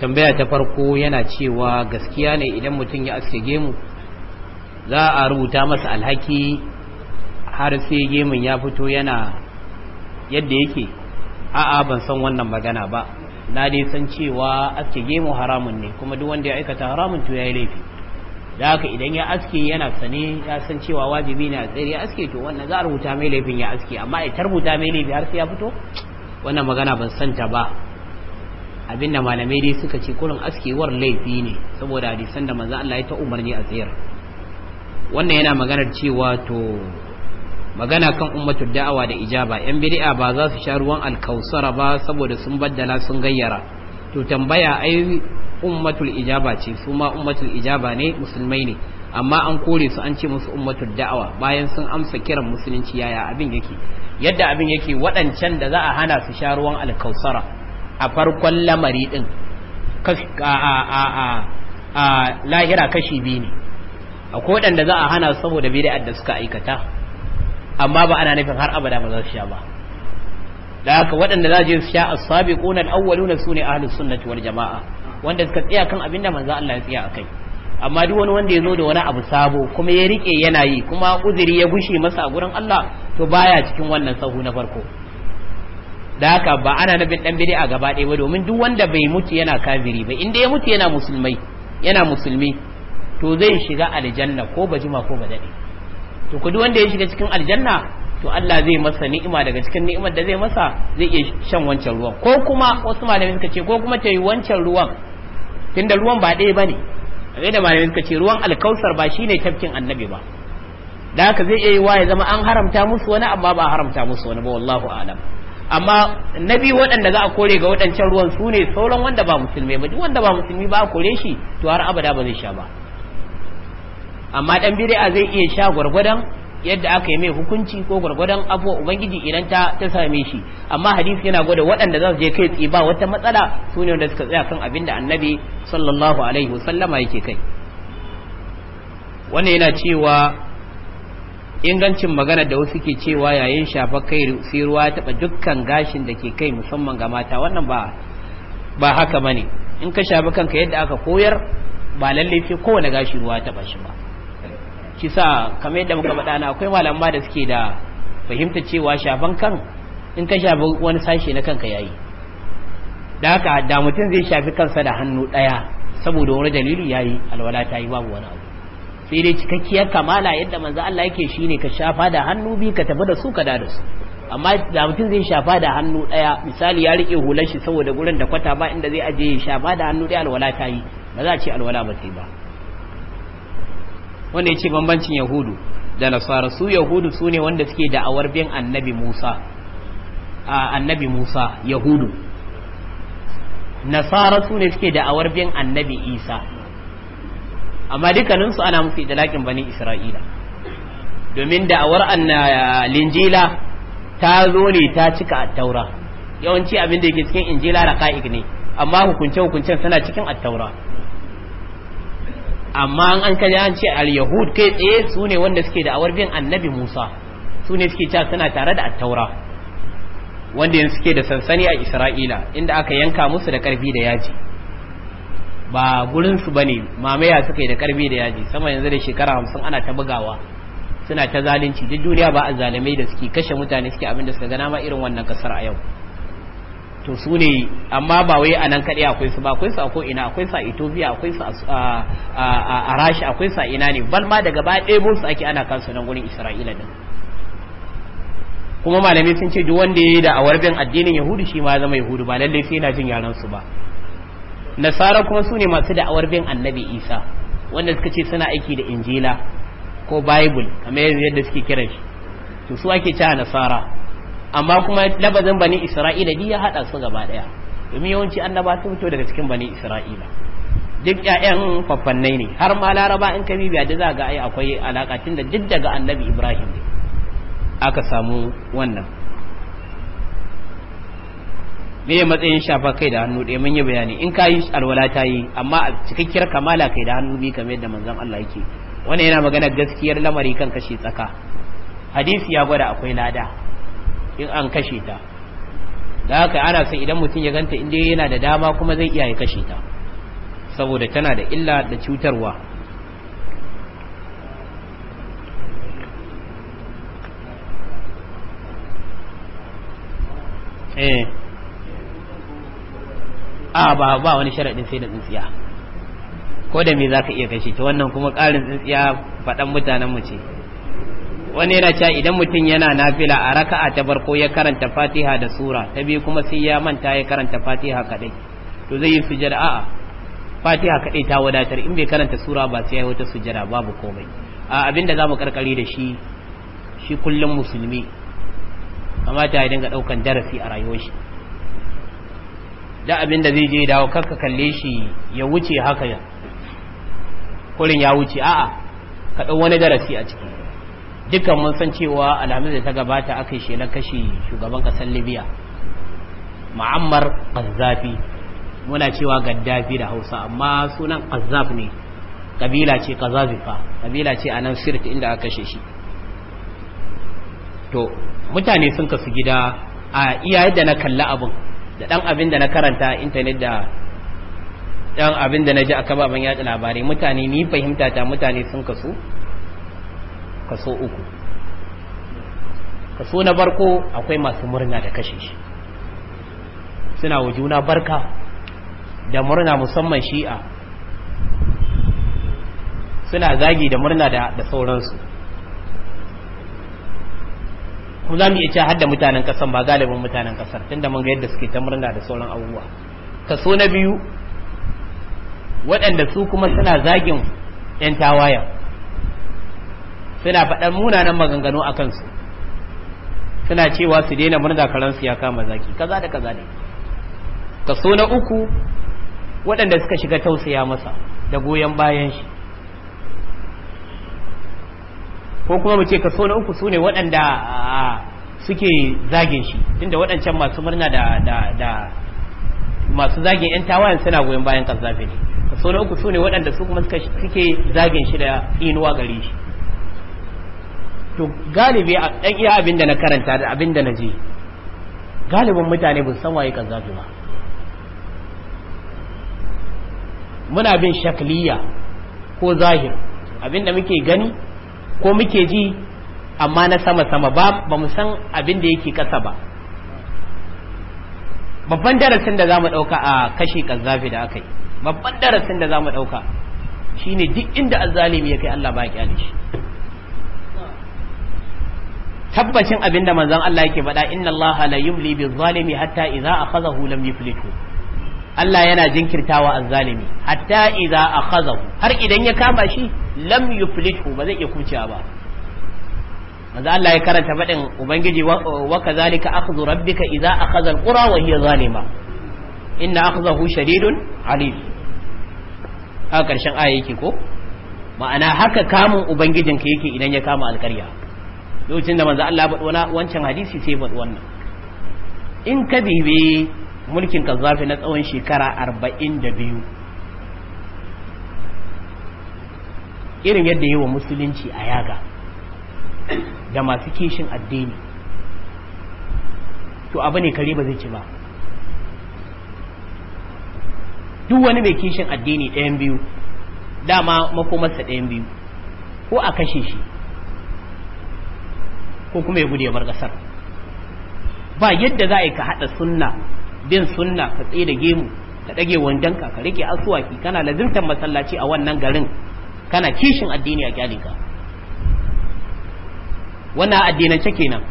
tambaya ta farko yana cewa gaskiya ne idan mutum ya aske gemu za a rubuta masa alhaki har sai gemun ya fito yana yadda yake a'a ban san wannan magana ba na dai san cewa aske gemu haramun ne kuma duk wanda ya aikata haramun to ya yi laifi da haka idan ya aske yana sane ya san cewa wajibi ne a tsere ya aske to wannan za a rubuta mai laifin ya aske amma ya tarbuta mai laifi har sai ya fito wannan magana ban san ta ba abinda malamai dai suka ce kurin askewar laifi ne saboda hadisan da manzo Allah ya ta umarni a tsayar wannan yana maganar cewa to magana kan ummatul da'awa da ijaba yan bid'a ba za su sha ruwan alkausara ba saboda sun baddala sun gayyara to tambaya ai ummatul ijaba ce su ma ummatul ijaba ne musulmai ne amma an kore su an ce musu ummatul da'awa bayan sun amsa kiran musulunci yaya abin yake yadda abin yake waɗancan da za a hana su sha ruwan alkausara a farkon lamari din a lahira kashi biyu ne a waɗanda za a hana saboda bid'a da suka aikata amma ba ana nufin har abada ba za su sha ba da haka waɗanda za su sha as-sabiquna al-awwaluna sune ahlus sunnati wal jama'a wanda suka tsaya kan abinda da manzo Allah ya tsaya akai amma duk wani wanda ya zo da wani abu sabo kuma ya rike yana yi kuma uzuri ya gushi masa a gurin Allah to baya cikin wannan sahu na farko da haka ba ana nabin dan bid'a gaba ɗaya ba domin duk wanda bai mutu yana kafiri ba inda ya mutu yana musulmai yana musulmi to zai shiga aljanna ko ba jima ko ba dade to ku duk wanda ya shiga cikin aljanna to Allah zai masa ni'ima daga cikin ni'imar da zai masa zai iya shan wancan ruwan ko kuma wasu malamai suka ce ko kuma ta yi wancan ruwan tunda ruwan ba ɗaya bane a da malamai suka ce ruwan alkausar ba shine tafkin annabi ba da haka zai iya yi wa ya zama an haramta musu wani amma ba haramta musu wani ba wallahu a'lam amma na biyu waɗanda za a kore ga waɗancan ruwan su ne sauran wanda ba musulmi ba duk wanda ba musulmi ba a kore shi to har abada ba zai sha ba amma dan bid'a zai iya sha gwargwadon yadda aka yi mai hukunci ko gwargwadon abuwa ubangiji idan ta ta same shi amma hadisi yana gwada waɗanda za su je kai tsiba wata matsala su ne wanda suka tsaya kan abin da annabi sallallahu alaihi wasallama yake kai wannan yana cewa ingancin magana da wasu ke cewa yayin shafa kai sai ruwa ya taba dukkan gashin da ke kai musamman ga mata wannan ba ba haka bane in ka shafa kanka yadda aka koyar ba lalle sai kowane gashi ruwa ya taba shi ba shi sa kamar yadda muka faɗa na akwai ma da suke da fahimta cewa shafan kan in ka shafa wani sashe na kanka yayi da haka da mutum zai shafi kansa da hannu ɗaya saboda wani dalili yayi alwala ta yi babu wani abu sai dai cikakkiyar kamala yadda manzo Allah yake shine ka shafa da hannu bi ka tafi da su ka da su amma da mutum zai shafa da hannu daya misali ya rike hular shi saboda gurin da kwata ba inda zai aje ya shafa da hannu daya alwala ta yi ba za a ce alwala ba sai ba wanda ya ce bambancin yahudu da nasara su yahudu su ne wanda suke da'awar bin annabi musa annabi musa yahudu nasara su ne suke da'awar bin annabi isa amma dukkanin su ana musu idalakin bani isra'ila domin da awar anna linjila ta zo ne ta cika attaura yawanci abin da yake cikin injila raqa'iq ne amma hukunce hukuncen suna cikin attaura amma an kaje an ce al-yahud kai tsaye su ne wanda suke awar bin annabi Musa su ne suke cewa suna tare da attaura wanda yanzu suke da sansani a Isra'ila inda aka yanka musu da karfi da yaji ba gurin su bane mamaya suka yi da karbi da yaji sama yanzu da shekara hamsin ana ta bugawa suna ta zalunci duk duniya ba a zalimai da suke kashe mutane suke abin da suka gana ma irin wannan kasar a yau to su ne amma ba wai a nan kaɗai akwai su ba akwai su a ko'ina akwai su a ethiopia akwai su a rashi akwai su a ina ne bal ma daga baya ɗaya su ake ana kansu nan gurin isra'ila din kuma malamai sun ce duk wanda ya yi da awarbin addinin yahudu shi ma zama yahudu ba lallai sai yana jin yaran su ba nasara kuma su ne masu da'awar bin annabi isa wanda suka ce suna aiki da injila ko bible kamar yadda suke kiran shi to su ake cewa nasara amma kuma labazin bani isra'ila duk ya hada su gaba daya domin yawanci annaba sun fito daga cikin bani isra'ila duk ƴaƴan faffannai ne har ma laraba in ka bibiya da za ga ai akwai alaka da duk daga annabi ibrahim ne aka samu wannan me matsayin shafa kai da hannu ɗaya eh, mun yi bayani in ka yi alwala ta yi amma a cikakkiyar kamala kai da hannu biyu kamar yadda manzon Allah yake wannan yana magana gaskiyar lamari kan kashe tsaka hadisi ya gwada akwai lada in an kashe ta da haka ana son idan mutum ya ganta inda yana da dama kuma zai iya ya kashe ta saboda tana da illa da cutarwa eh a ba ba wani sharadin sai da tsintsiya ko da me zaka iya kashe ta wannan kuma ƙarin tsintsiya faɗan mutanen mu ce wani yana cewa idan mutum yana nafila a raka'a ta ko ya karanta fatiha da sura ta biyu kuma sai ya manta ya karanta fatiha kadai to zai yi sujada a'a fatiha kadai ta wadatar in bai karanta sura ba sai ya yi wata sujada babu komai a abinda zamu karkari da shi shi kullum musulmi kamata ya dinga daukan darasi a rayuwar shi da abin da zai je dawo karka kalle shi ya wuce haka ya kurin ya wuce a'a ka ɗan wani darasi a ciki dukkan mun san cewa alhamis da ta gabata aka yi shelar kashe shugaban ƙasar libya ma'ammar ƙazzafi muna cewa gaddafi da hausa amma sunan ƙazzaf ne ƙabila ce fa. ƙabila ce a nan sirt inda aka kashe shi to mutane sun kasu gida a iya yadda na kalli abin da dan abin da na karanta intanet da dan abin da na ji a kababan yaɗa labarai mutane ni fahimta ta mutane sun kaso kaso uku kaso na barko akwai masu murna da kashe shi suna wa juna barka da murna musamman shi'a suna zagi da murna da sauransu Ku za mu iya cewa hadda mutanen kasar ba galibin mutanen kasar tunda mun ga yadda suke ta murna da sauran abubuwa kaso na biyu waɗanda su kuma suna zagin 'yan tawayen suna faɗan munanan maganganu a kansu suna cewa su daina murna karansu ya kama zaki kaza da kaza ne kaso na uku waɗanda suka shiga tausaya masa da goyon bayan shi ko kuma mu ce kaso na uku sune waɗanda suke zagin shi tunda waɗancan masu murna da masu zagin yan tawayen suna goyon bayan kazafi ne kaso na uku sune waɗanda su kuma suke zagin shi da inuwa gare shi to galibi a ɗan iya abin da na karanta da abin da na je galibin mutane ba san waye kazafi ba muna bin shakliya ko zahir abinda muke gani ko muke ji amma na sama sama ba ba mu san abin da yake ƙasa ba babban darasin da za mu ɗauka a kashe kazzafi da aka yi babban darasin da za mu ɗauka shine duk inda azzalimi ya kai Allah ba ya shi tabbacin abinda da manzon Allah yake faɗa inna Allah la yumli bil zalimi hatta idza akhadhahu lam yuflihu Allah yana jinkirtawa azzalimi hatta idza akhazahu har idan ya kama shi lam yuflihu ba zai iya kuciya ba manzo Allah ya karanta fadin ubangiji wa kazalika akhdhu rabbika idza akhadha alqura wa hiya zalima inna akhdahu shadidun alim a karshen aya yake ko ma'ana haka kamun ubangijinka yake idan ya kama alƙarya lokacin da manzo Allah ya faɗi wancan hadisi sai ya faɗi wannan in ka bibe mulkin kazafi na tsawon shekara arba'in da biyu irin yadda yi wa musulunci a yaga da masu kishin addini to abu ne kare ba zai ci ba duk wani mai kishin addini ɗayan biyu dama makomarsa ɗayan biyu ko a kashe shi ko kuma ya gudu ya bar ƙasar ba yadda za a yi ka haɗa sunna bin sunna ka tsaye da gemu ka dage wandonka ka ka rike asuwaki kana lazimtar masallaci a wannan garin kana kishin addini a ka. wannan ce kenan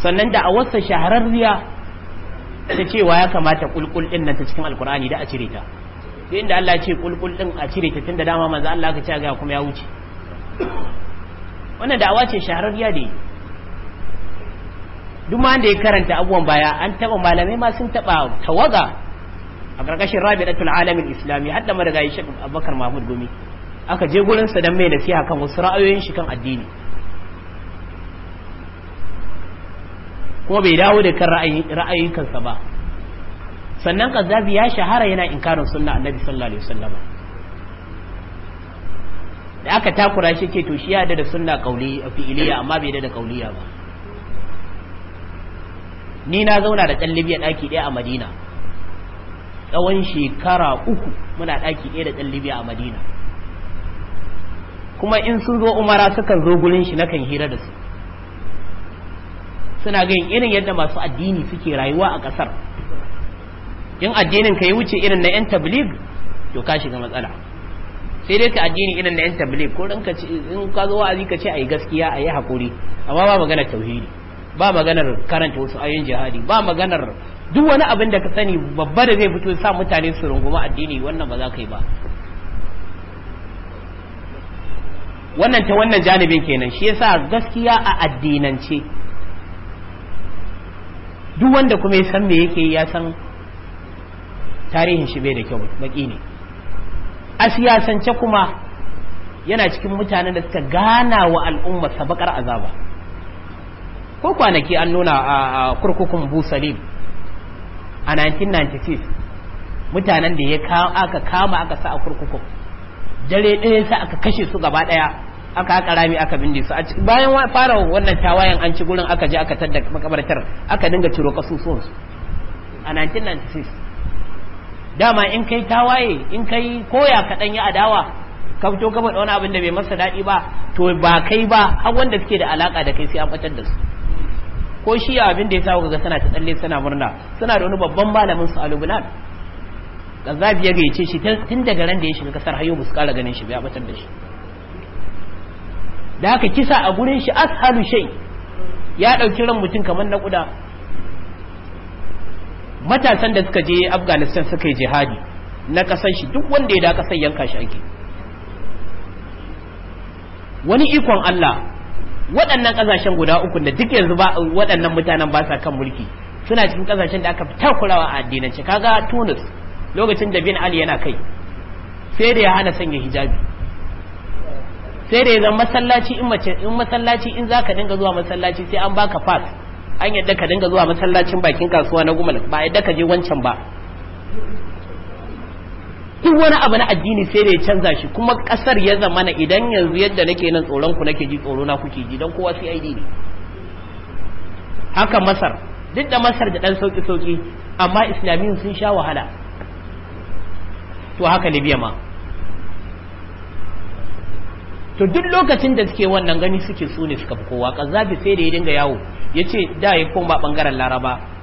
sannan da a wasa shahararriya ta cewa ya kamata kulkul din nan ta cikin alkur'ani da a cire ta duk inda Allah ya ce kulkul din a cire ta tunda dama manzo Allah ka ce ga kuma ya wuce wannan da'awa ce shahararriya da yi duk ma da ya karanta abuwan baya an taba malamai ma sun taba tawaga a karkashin rabi'atul alamin islami hadda marigayi shek abubakar mahmud gumi aka je gurin sa dan mai nasiha kan wasu ra'ayoyin shi kan addini ko bai dawo da kan ra'ayoyin kansa ba sannan kazzabi ya shahara yana inkarin sunna annabi sallallahu alaihi wasallam da aka takura shi ce to shi ya da suna kauli a fi'iliya amma bai da kauliya ba ni na zauna da ɗan libya ɗaki ɗaya a madina tsawon shekara uku muna ɗaki ɗaya da ɗan libya a madina kuma in sun zo umara sukan zo gurin shi nakan hira da su suna ganin irin yadda masu addini suke rayuwa a ƙasar in addinin ka yi wuce irin na 'yan tablig to ka shiga matsala sai dai ka addini irin na 'yan tablig ko in ka zo wa'azi ka ce a yi gaskiya a yi haƙuri amma ba magana tauhidi ba maganar karanta wasu ayoyin jihadi ba maganar duk wani abin da ka sani babba da zai fito sa mutane su runguma addini wannan ba za ka yi ba wannan ta wannan janibin kenan shi yasa gaskiya a addinance duk wanda kuma ya san me yake ya san tarihin shi bai da kyau baki ne a siyasance kuma yana cikin mutanen da suka gana wa al'umma sabakar azaba ko kwanaki an nuna a kurkukun busalim a 1996 mutanen da ya aka kama aka sa a kurkukun dare ɗaya sa aka kashe su gaba ɗaya aka haka rami aka binde su bayan fara wannan tawayan an ci gurin aka je aka tadda makabartar aka dinga ciro kasusuwan su a 1996 dama in kai tawaye in kai koya kaɗan ya adawa ka fito ka faɗa wani abin da bai masa daɗi ba to ba kai ba har wanda suke da alaka da kai sai an fitar da su ko shi abin da ya sa ga suna ta tsalle suna murna suna da wani babban malamin su a Lubnan kazabi ya gaice shi tun daga ran da ya shiga kasar hayo su kara ganin shi bai batar da shi da haka kisa a gurin shi ashalu shay ya dauki ran mutum kamar na kuda matasan da suka je Afghanistan suka yi jihadi na kasan shi duk wanda ya da kasan yanka shi ake wani ikon Allah waɗannan ƙasashen guda uku da duk yanzu ba waɗannan mutanen ba sa kan mulki suna cikin ƙasashen da aka fi takurawa a addinance kaga Tunis lokacin da bin Ali yana kai sai da ya hana sanya hijabi sai da ya zama masallaci in mace in masallaci in zaka dinga zuwa masallaci sai an baka pass an yadda ka dinga zuwa masallacin bakin kasuwa na gumal ba yadda ka je wancan ba duk wani abu na addini sai da ya canza shi kuma kasar ya zama na idan yanzu yadda nake nan tsoron ku nake ji tsoro na kuke ji don kowa CID ne haka Masar duk da Masar da dan sauki sauki amma islamiyin sun sha wahala to haka Libya ma to duk lokacin da suke wannan gani suke su suka fi kowa kazzabi sai da ya dinga yawo ya ce da ya koma bangaren Laraba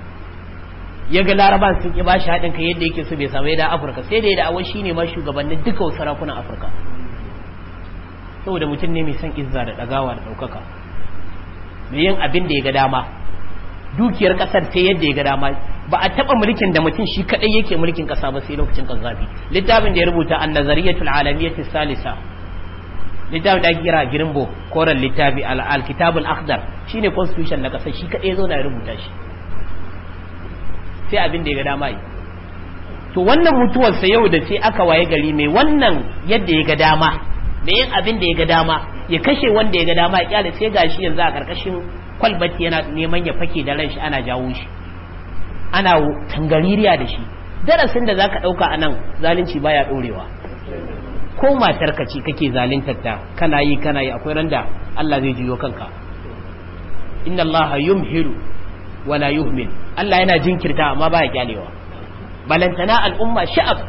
ya ga laraban sun ki shi haɗin kai yadda yake so bai samu yadda afirka sai da yadda shi ne ma shugabannin duka wasu sarakunan afirka saboda mutum ne mai son izza da ɗagawa da ɗaukaka mai yin abin da ya ga dama dukiyar ƙasar sai yadda ya ga dama ba a taɓa mulkin da mutum shi kaɗai yake mulkin ƙasa ba sai lokacin ƙazafi littafin da ya rubuta an nazariyatul alamiyyati salisa littafin da kira bo koren littafi al-kitabul akhdar shine constitution na ƙasar shi kaɗai ya zo na rubuta shi sai abin da ya ga dama to wannan mutuwarsa yau da ce aka waye gari mai wannan yadda ya ga dama da yin abin da ya ga dama ya kashe wanda ya ga dama ya kyale sai gashi yanzu a karkashin kwalbati yana neman ya fake da ran shi ana jawo shi ana tangaririya da shi darasin da zaka dauka anan zalunci baya dorewa ko matarka ce kake zaluntar ta kana yi kana yi akwai randa Allah zai jiyo kanka inna Allah yumhiru wala yuhmil Allah yana jinkirta amma baya kyalewa balantana al'umma sha'af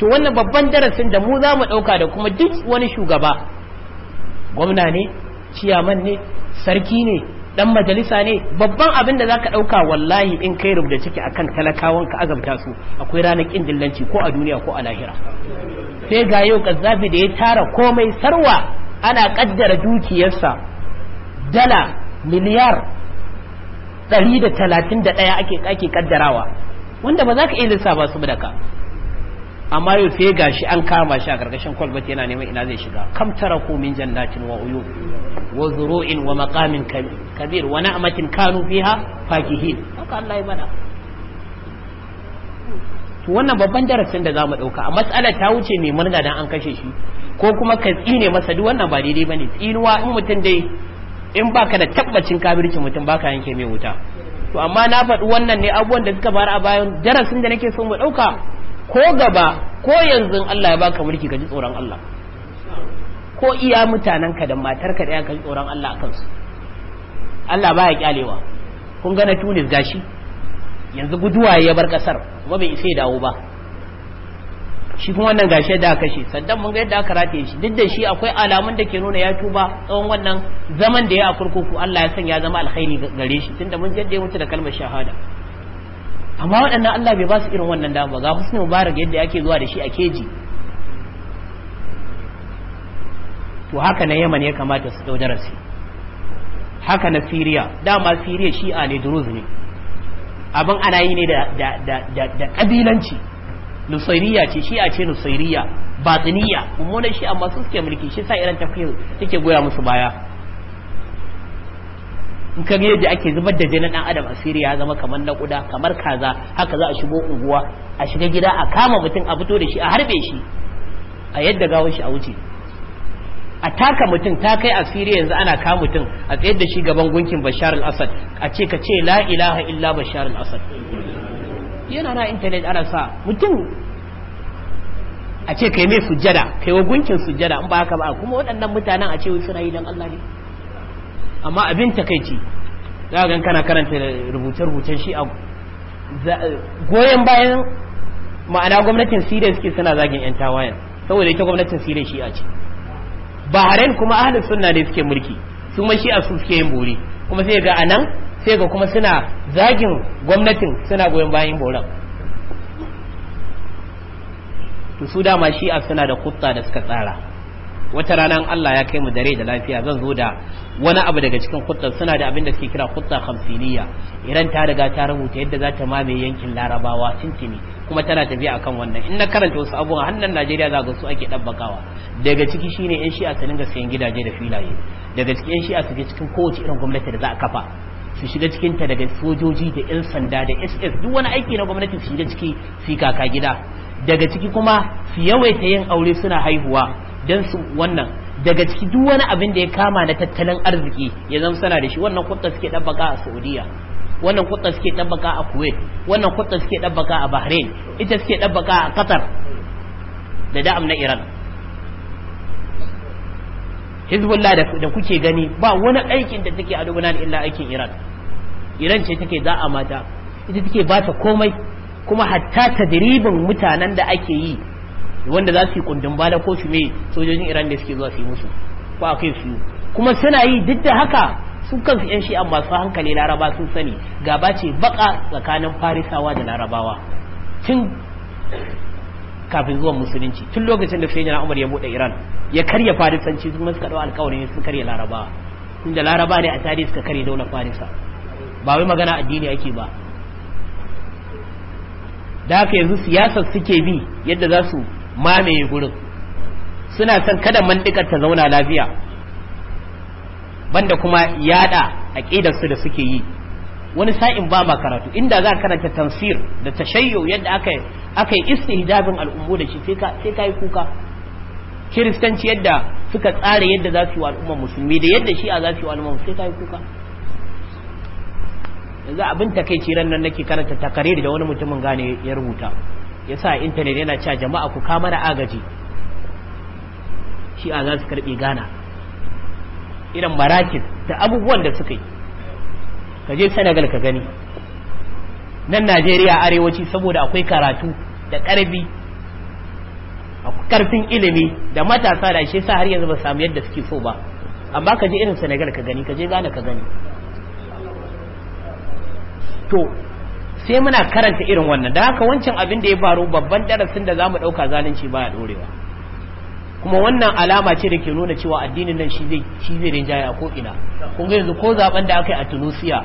to wannan babban darasin da mu za mu ɗauka da kuma duk wani shugaba gwamna ne chairman ne sarki ne dan majalisa ne babban abin da zaka dauka wallahi in kai rubuta ciki akan talakawan ka azabta su akwai ranar kin dillanci ko a duniya ko a lahira sai ga yau kazzafi da ya tara komai sarwa ana kaddara dukiyarsa dala miliyar ɗari da talatin da ɗaya ake ake kaddarawa wanda ba za ka iya lissafa su da ka amma yau sai shi an kama shi a karkashin kwalbati yana neman ina zai shiga kam tara ko min jannatin wa uyu wa zuru'in wa maqamin kabir wa na'matin kanu fiha fakihin haka Allah ya mana to wannan babban darasin da za mu ɗauka a matsala ta wuce mai murna dan an kashe shi ko kuma ka tsine masa duk wannan ba daidai bane tsinuwa in mutum dai in baka da tabbacin kabirci mutum baka yanke mai wuta to amma na faɗi wannan ne abubuwan da suka faru a bayan darasin da nake son mu ɗauka ko gaba ko yanzu Allah ya baka mulki ka ji tsoron Allah ko iya mutanen ka da matar ka da ka ji tsoron Allah a kansu Allah baya kyalewa kun ga na Tunis gashi yanzu guduwa ya bar ƙasar kuma bai isa ya dawo ba shi kuma wannan gashi yadda aka kashe sannan mun ga yadda aka rataye shi duk da shi akwai alamun da ke nuna ya tuba tsawon wannan zaman da ya a kurkuku Allah ya sanya zama alkhairi gare shi tunda mun jaddai mutu da kalmar shahada amma waɗannan Allah bai ba su irin wannan dama ga husni mubarak yadda ake zuwa da shi a keji to haka na Yaman ya kamata su dau darasi haka na Syria dama Syria shi'a ne Druze ne abin ana yi ne da da da kabilanci nusairiya ce shi a ce nusairiya batiniya mummunan shi amma su suke mulki shi sa iran tafiyar take goya musu baya in ka ga yadda ake zubar da jinin dan adam asiriya ya zama kamar na kamar kaza haka za a shigo unguwa a shiga gida a kama mutum a fito da shi a harbe shi a yadda gawar shi a wuce a taka mutum ta kai asiriya yanzu ana kama mutum a tsayar da shi gaban gunkin bashar al-assad a ce ka ce la ilaha illa bashar al-assad yana na intanet ana sa mutum a ce kai mai sujjada kai wa gunkin sujjada in ba haka ba kuma waɗannan mutanen a ce wai suna yi don Allah ne amma abin takaici za ga kana karanta rubuce-rubucen shi a goyon bayan ma'ana gwamnatin siriya suke suna zagin 'yan tawayen saboda ita gwamnatin siriya shi a ce bahrain kuma ahalin sunna ne suke mulki su ma shi a su suke yin buri kuma sai ga nan. sai ga kuma suna zagin gwamnatin suna goyon bayan boran to su dama shi'a suna da kutsa da suka tsara wata rana Allah ya kai mu dare da lafiya zan zo da wani abu daga cikin kutsa suna da abin da suke kira kutsa hamsiniya Idan ta riga ta rubuta yadda za ta mamaye yankin larabawa tintini kuma tana tafiya akan wannan in na karanta wasu abubuwa hannun najeriya za ga su ake ɗabbakawa daga ciki shine yan shi'a su dinga sayan gidaje da filaye daga ciki yan shi'a su je cikin kowace irin gwamnati da za a kafa su shiga cikin ta daga sojoji da yan sanda da ss duk wani aiki na gwamnati su shiga ciki su kaka gida daga ciki kuma su yawaita yin aure suna haihuwa don su wannan daga ciki duk wani abin da ya kama na tattalin arziki ya zama sana da shi wannan kuɗin suke dabbaka a saudiya wannan kuɗin suke dabbaka a kuwait wannan kuɗin suke dabbaka a bahrain ita suke dabbaka a qatar da da'am na iran hizbullah da kuke gani ba wani aikin da take a dubunan illa aikin iran iran ce take za a mata ita take ba ta komai kuma hatta tadribin mutanen da ake yi wanda za su yi kundin bala ko su me sojojin iran da suke zuwa su yi musu ko akwai su kuma suna yi duk da haka su kansu yan shi'a masu hankali laraba sun sani gaba ce baka tsakanin farisawa da larabawa tun kafin zuwan musulunci tun lokacin da na umar ya buɗe iran ya karya farisanci kuma suka dau alƙawarin su karya larabawa tun da laraba ne a tarihi suka karya daular farisa ba wai magana addini ake ba da haka yanzu siyasar suke bi yadda za su mamaye gurin suna son kada mandikar ta zauna lafiya banda kuma yada su da suke yi wani sa'in ba ma karatu inda za karanta tamsir da tashayyo yadda aka aka yi istihdabin al'ummu da shi sai ka yi kuka kiristanci yadda suka tsara yadda za su yi wa al'ummar musulmi da yadda shi a za su yi wa al'ummar sai ka yi kuka yanzu abin ta kai ran nan nake karanta takarir da wani mutumin gane ya rubuta ya sa intanet yana cewa jama'a ku kama da agaji shi a za su karbi gana irin marakin da abubuwan da suka yi ka je senegal ka gani nan najeriya arewaci saboda akwai karatu da ƙarfi karfin ilimi da matasa da shi sa har yanzu ba samu yadda suke so ba amma ka je irin senegal ka gani kaje gana ka gani to sai muna karanta irin wannan da haka wancan abin da ya faru babban darasin da zamu mu ɗauka zalunci baya ɗorewa kuma wannan alama ce da ke nuna cewa addinin nan shi zai shi zai rinjaya ko ina kun ga yanzu ko zaben da aka yi a Tunisia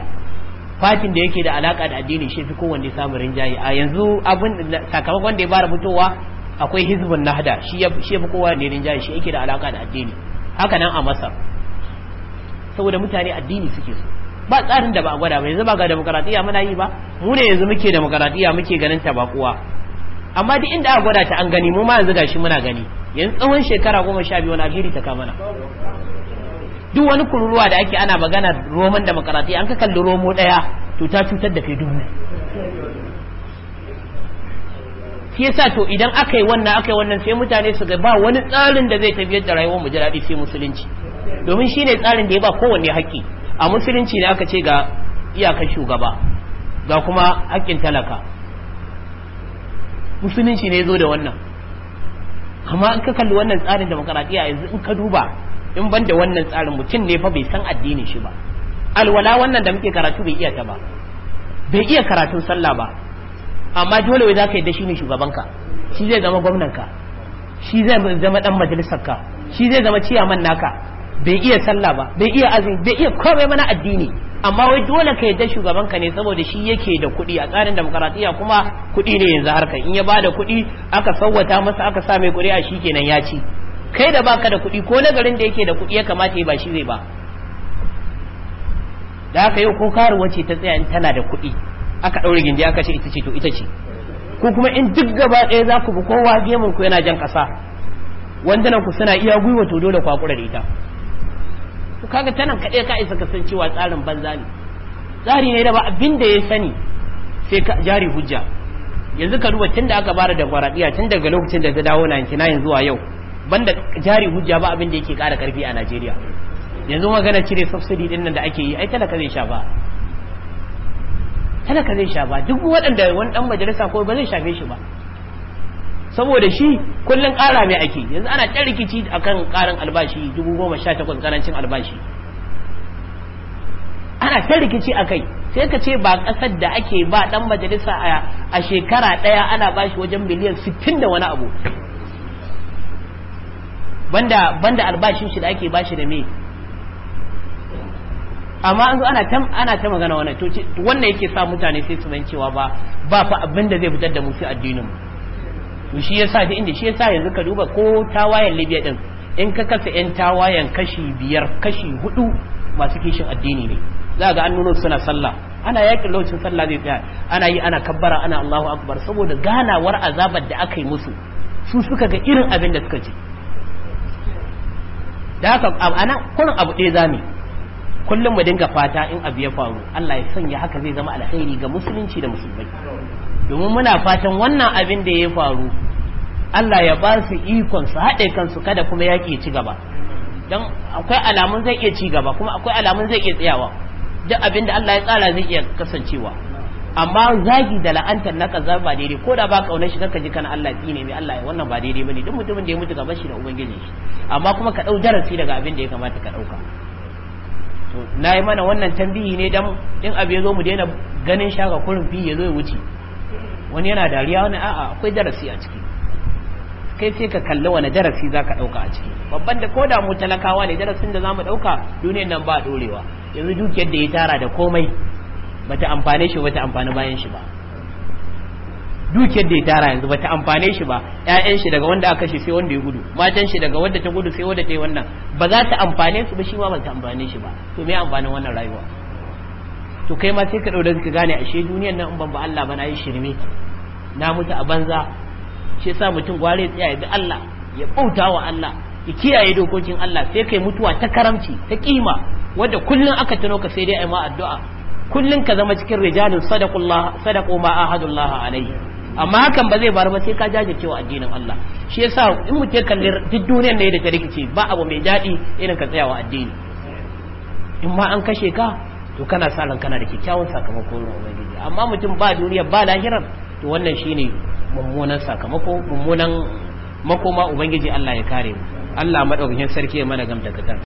fatin da yake da alaka da addini shi fi kowanne samu rinjaye a yanzu abin sakamakon da ya fara fitowa akwai hizbun nahda shi ya fi kowa ne rinjaye shi yake da alaka da addini haka nan a masar saboda mutane addini suke so ba tsarin da ba gwada ba yanzu ba ga demokaradiyya muna yi ba mu ne yanzu muke demokaradiyya muke ganin ta ba kuwa amma duk inda aka gwada ta an gani mu ma yanzu gashi muna gani yanzu tsawon shekara goma sha biyu wani alheri ta kamana duk wani kururuwa da ake ana magana roman demokaradiyya an ka kalli romo daya to ta cutar da kai dubu shi yasa to idan aka yi wannan aka yi wannan sai mutane su ga ba wani tsarin da zai tafiyar da rayuwar mu ji daɗi sai musulunci domin shine tsarin da ya ba kowanne haƙƙi a musulunci ne aka ce ga iyakar shugaba ga kuma haƙƙin talaka musulunci ne zo da wannan amma in ka kalli wannan tsarin demokaradiyya yanzu in ka duba in ban da wannan tsarin mutum ne fa bai san addinin shi ba alwala wannan da muke karatu bai iya ta ba bai iya karatun sallah ba amma dole wai zaka yadda shugaban shugabanka shi zai zama gwamnanka shi zai zama dan majalisarka shi zai zama ciyaman naka bai iya sallah ba bai iya azumi bai iya komai mana addini amma wai dole ka yadda shugaban ka ne saboda shi yake da kuɗi a tsarin demokaratiya kuma kuɗi ne yanzu harka in ya bada kuɗi aka sauwata masa aka sa mai ƙuri'a shi kenan ya ci kai da baka da kuɗi ko na garin da yake da kuɗi ya kamata ya ba shi zai ba da aka yau ko karuwa ce ta tsaya in tana da kuɗi aka ɗaure gindi aka ce ita ce to ita ce ko kuma in duk gaba ɗaya za ku bi kowa gemun ku yana jan ƙasa nan ku suna iya gwiwa to dole ku hakura da ita kaga tanan kaɗai ka isa cewa tsarin banza ne tsari ne da ba abin da ya sani sai ka jari hujja yanzu ka duba tun da aka bara da gwaradiya tun daga lokacin da ta dawo na 99 zuwa yau banda jari hujja ba abin da yake ƙara ƙarfi a Najeriya yanzu magana cire subsidy din nan da ake yi ai talaka zai sha ba talaka zai sha ba duk waɗanda wani ɗan majalisa ko ba zai shafe shi ba saboda shi kullun ƙara mai ake yanzu ana ta rikici akan ƙarin albashi dubu goma sha takwas karancin albashi ana ta rikici a kai sai ka ce ba ƙasar da ake ba ɗan majalisa a shekara ɗaya ana bashi wajen miliyan sittin da wani abu banda banda albashin shi da ake bashi da me amma an zo ana ta ana ta magana wannan to wannan yake sa mutane sai su san cewa ba ba fa abin da zai fitar da mu sai addinin mu to shi yasa da inda shi yasa yanzu ka duba ko tawayen libya din in ka kasa yan tawayen kashi biyar kashi hudu masu kishin addini ne za ga an nuno suna sallah ana yaƙi lokacin sallah zai tsaya ana yi ana kabbara ana Allahu akbar saboda ganawar azabar da aka yi musu su suka ga irin abin da suka ce da haka ana kurin abu ɗaya zami kullum mu dinga fata in abu ya faru Allah ya sanya haka zai zama alheri ga musulunci da musulmai domin muna fatan wannan abin da ya faru Allah ya ba su ikon su haɗe kansu kada kuma ke ci gaba don akwai alamun zai iya ci gaba kuma akwai alamun zai iya tsayawa duk abin da Allah ya tsara zai iya kasancewa amma zagi da la'antar na kaza ba daidai ko da ba kaunar shi kanka ji kana Allah tsine mai Allah ya wannan ba daidai bane duk mutumin da ya mutu gaban shi da ubangiji shi amma kuma ka dau darasi daga abin da ya kamata ka ɗauka. to nayi mana wannan tambihi ne dan in abu ya zo mu daina ganin shaka kurin fi ya zo ya wuce wani yana dariya wani a'a akwai darasi a ciki kai sai ka kalli wani darasi za ka ɗauka a ciki babban da ko da mu talakawa ne darasin da za mu ɗauka duniyar nan ba ɗorewa yanzu dukiyar da ya tara da komai bata amfane shi ba ta amfani bayan shi ba dukiyar da ya tara yanzu ba ta amfane shi ba ƴaƴan shi daga wanda aka shi sai wanda ya gudu matan shi daga wanda ta gudu sai wanda ta yi wannan ba za ta amfane su ba shi ma ba ta amfane shi ba to me amfanin wannan rayuwa to kai ma sai ka dauke ka gane she duniyar nan in ban ba Allah ba na yi shirme na mutu a banza shi yasa mutum gware tsaya ya bi Allah ya bauta wa Allah ya kiyaye dokokin Allah sai kai mutuwa ta karamci ta kima wanda kullun aka tuno ka sai dai ai ma addu'a kullun ka zama cikin rijalin sadaqullah sadaqu ma ahadullah alaihi amma hakan ba zai bar ba sai ka jajirce wa addinin Allah shi yasa in mutum kalli duk duniyar ne da ta rikice ba abu mai daɗi irin ka tsayawa addini in ma an kashe ka to kana sa kana da kyakkyawan sakamako na ubangiji amma mutum ba duniya ba lahirar to wannan shine mummunan sakamako mummunan makoma ubangiji Allah ya kare mu Allah madaukakin sarki ya mana gamta kadan